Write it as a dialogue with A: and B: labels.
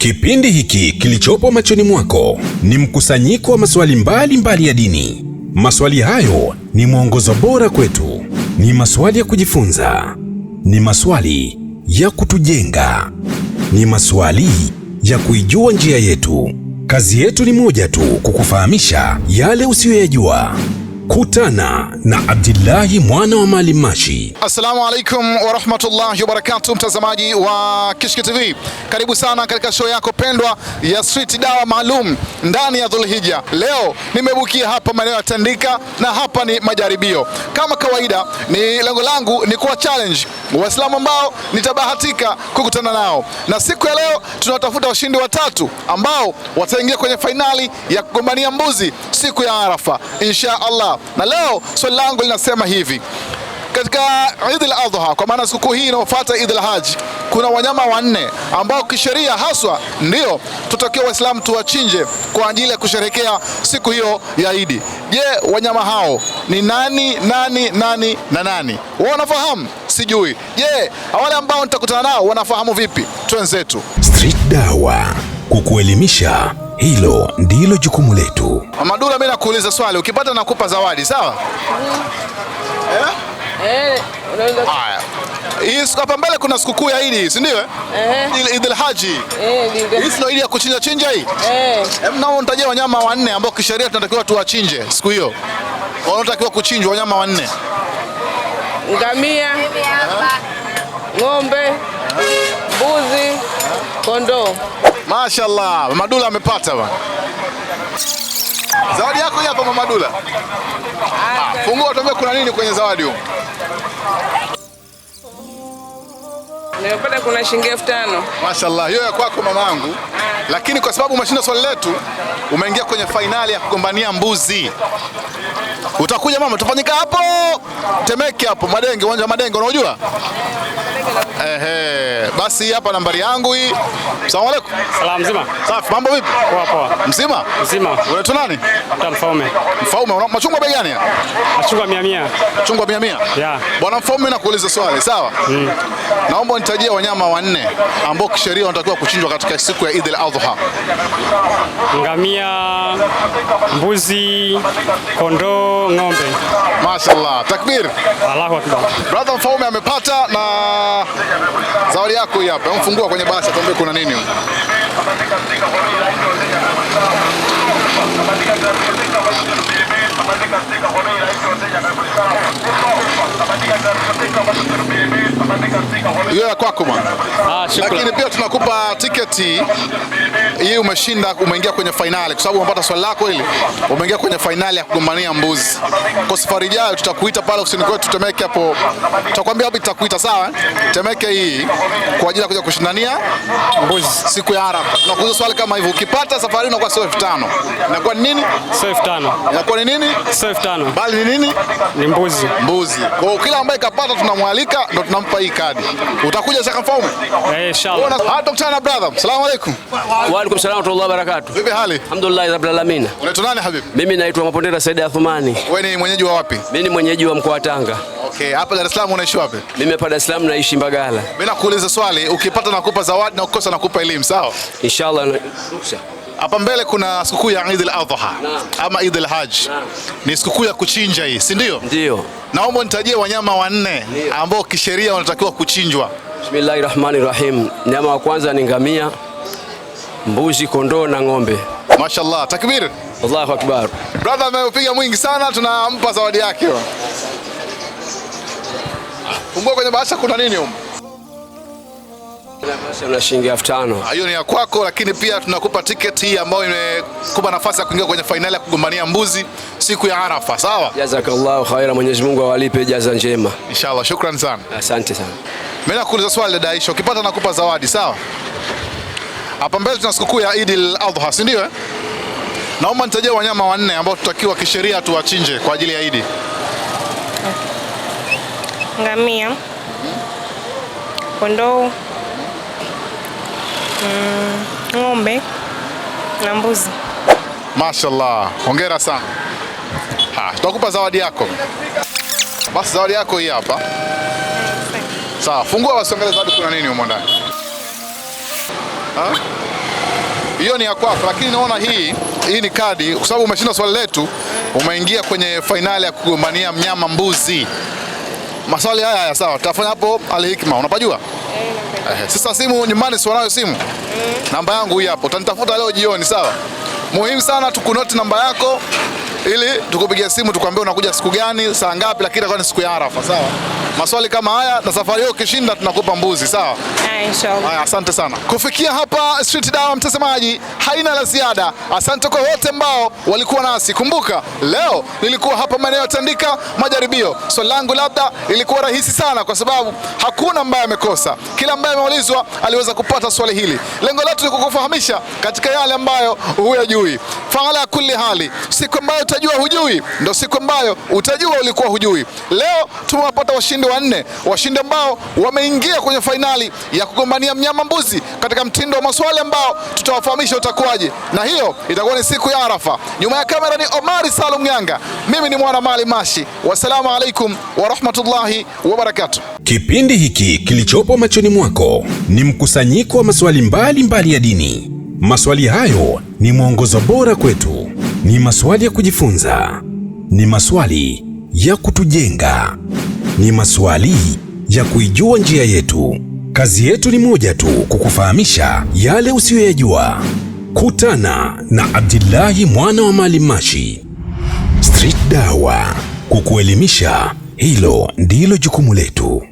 A: Kipindi hiki kilichopo machoni mwako ni mkusanyiko wa maswali mbalimbali mbali ya dini. Maswali hayo ni mwongozo bora kwetu, ni maswali ya kujifunza, ni maswali ya kutujenga, ni maswali ya kuijua njia yetu. Kazi yetu ni moja tu, kukufahamisha yale usiyoyajua. Kutana na Abdillahi mwana wa Maalim Mashi.
B: Assalamu alaikum warahmatullahi wabarakatu mtazamaji wa Kishki TV, karibu sana katika show yako pendwa ya Street Dawa maalum ndani ya Dhulhija. Leo nimebukia hapa maeneo ya Tandika na hapa ni majaribio. Kama kawaida, ni lengo langu ni kuwa challenge Waislamu ambao nitabahatika kukutana nao, na siku ya leo tunawatafuta washindi watatu ambao wataingia kwenye fainali ya kugombania mbuzi siku ya Arafa insha Allah. Na leo swali langu linasema hivi katika Eid al-Adha kwa maana sikukuu hii inayofuata Eid al kuna wanyama wanne ambao kisheria haswa ndio tutakiwa Waislamu tuwachinje kwa ajili ya kusherehekea siku hiyo ya Idi. Je, wanyama hao ni nani nani nani na nani? Wao wanafahamu? Sijui. Je, wale ambao nitakutana nao wanafahamu vipi? Twenzetu
A: Street Dawa kukuelimisha, hilo ndilo jukumu letu.
B: Mama Dula, mimi nakuuliza swali, ukipata nakupa zawadi, sawa? Eh? Eh, Haya. Hii hapa mbele kuna sikukuu ya Idi, si ndio? Eh. eh. Idul Haji. Eh, ndio ile ya kuchinja chinja hii? Eh. Hebu nao nitaje wanyama wanne ambao kisheria tunatakiwa tuwachinje siku hiyo. Wanaotakiwa kuchinjwa wanyama wanne.
C: Ngamia, ng'ombe, mbuzi, kondoo.
B: Mashaallah, Mama Dula amepata bwana. Zawadi yako hapa Mama Dula. Ah, fungua tuambie kuna nini kwenye zawadi huko
C: nimepata kuna shilingi elfu tano.
B: Mashaallah, hiyo ya kwako mamangu. Lakini kwa sababu umeshinda swali letu, umeingia kwenye fainali ya kugombania mbuzi. Utakuja mama, tufanyika hapo Temeke, hapo Madenge, uwanja wa Madenge, unajua Ehe, basi hapa nambari yangu hii. Asalamu alaykum. Salamu mzima. Safi, mambo vipi? Poa poa. Mzima? Mzima. Wewe tu nani? Mfaume. Mfaume, una machungwa bei gani
D: Machungwa 100.
B: Machungwa 100. Yeah. Bwana Mfaume, nakuuliza swali, sawa? Mm. Naomba nitajie wanyama wanne ambao kisheria wanatakiwa kuchinjwa katika siku ya Eid al-Adha:
D: ngamia, mbuzi, kondoo, ng'ombe.
B: Mashallah, takbir, Allahu akbar. Brother Mfaume amepata na zawadi yako hii hapa. Mfungua kwenye basi atambie kuna nini. E a mano. Ah, ah lakini pia tunakupa tiketi hii, umeshinda, umeingia kwenye fainali, kwa sababu umepata swali lako hili, umeingia kwenye fainali ya kugombania mbuzi. Kwa safari ijayo tutakuita pale ofisini kwetu Temeke, hapo tutakwambia wapi tutakuita, sawa? Temeke hii kwa ajili ya kuja kushindania mbuzi siku ya haraka. Tunakuuliza swali kama hivyo, ukipata safari inakuwa sio elfu tano inakuwa ni nini?
D: Sio elfu tano inakuwa ni nini? Sio elfu tano
B: bali ni nini? Ni mbuzi, mbuzi. Kwa kila ambaye kapata tunamwalika, ndo tunampa hii kadi. Utakuja sasa, kafahamu
E: mimi naitwa Mapondera Said Athumani.
B: Wewe ni mwenyeji wa wapi?
E: Mimi ni mwenyeji wa mkoa wa Tanga.
B: Okay, hapa Dar es Salaam unaishi wapi?
E: Mimi hapa Dar es Salaam naishi Mbagala.
B: Mimi nakuuliza swali, ukipata nakupa zawadi na nakupa elimu, sawa? Inshallah. Hapa mbele kuna sikukuu ya Eid al-Adha ama Eid al-Hajj. Ni sikukuu ya kuchinja hii, si ndio? Ndio. Naomba nitajie wanyama wanne ambao kisheria wanatakiwa kuchinjwa.
E: Bismillahi rahmani rahim. Nyama wa kwanza ni ngamia, mbuzi, kondoo na ng'ombe.
B: Mashallah, takbir,
E: Allahu akbar.
B: Brother ameupiga mwingi sana, tunampa zawadi yake. Fungua kwenye bahasha, kuna nini huko?
E: Na shilingi elfu tano.
B: Hiyo ni ya kwako, lakini pia tunakupa tiketi hii ambayo imekupa nafasi ya kuingia kwenye fainali ya kugombania mbuzi siku ya Arafa, sawa?
E: Jazakallahu khaira, Mwenyezi Mungu awalipe jaza njema.
B: Inshallah, shukran sana. Asante sana. Mimi nakuuliza swali dada Aisha, ukipata nakupa zawadi sawa? Hapa mbele tuna sikukuu ya Eid al-Adha, si ndio? Eh? Naomba nitajie wanyama wanne ambao tutakiwa kisheria tuwachinje kwa ajili ya Eid.
F: Ngamia, kondoo, mm, ng'ombe na mbuzi.
B: Mashallah, hongera sana. Ha, tutakupa zawadi yako. Basi zawadi yako hii hapa. Sawa, fungua wasongelezaji, kuna nini humo ndani. Hiyo ni ya kwako, lakini naona hii hii ni kadi kwa sababu umeshinda swali letu, umeingia kwenye fainali ya kugombania mnyama mbuzi. Maswali haya haya, sawa, tutafanya hapo Alhikma, unapajua eh? Sasa simu nyumbani, si wanayo simu eh? Namba yangu hii hapo, utanitafuta leo jioni, sawa? Muhimu sana tukunoti namba yako ili tukupigia simu tukwambie unakuja siku gani, saa ngapi, lakini itakuwa ni siku ya Arafa, sawa? maswali kama haya, na safari hiyo ukishinda tunakupa mbuzi, sawa? Ah, haya, asante sana. Kufikia hapa Street Dawa, mtazamaji, haina la ziada. Asante kwa wote ambao walikuwa nasi. Kumbuka leo nilikuwa hapa maeneo ya Tandika majaribio. Swali langu labda ilikuwa rahisi sana, kwa sababu hakuna ambaye amekosa, kila ambaye ameulizwa aliweza kupata swali hili. Lengo letu ni kukufahamisha katika yale ambayo huyajui. Faala kulli hali, siku ambayo utajua hujui ndio siku ambayo utajua ulikuwa hujui. Leo tumewapata washindi wanne washindi ambao wameingia kwenye fainali ya kugombania mnyama mbuzi katika mtindo wa maswali ambao tutawafahamisha utakuwaje, na hiyo itakuwa ni siku ya Arafa. Nyuma ya kamera ni Omari Salum Nyanga, mimi ni mwana mali Mashi. Wassalamu alaikum warahmatullahi wabarakatuh.
A: Kipindi hiki kilichopo machoni mwako ni mkusanyiko wa maswali mbalimbali mbali ya dini. Maswali hayo ni mwongozo bora kwetu, ni maswali ya kujifunza, ni maswali ya kutujenga ni maswali ya kuijua njia yetu. Kazi yetu ni moja tu, kukufahamisha yale usiyoyajua. Kutana na Abdillahi mwana wa Maalim Mashi. Street Dawa, kukuelimisha, hilo ndilo jukumu letu.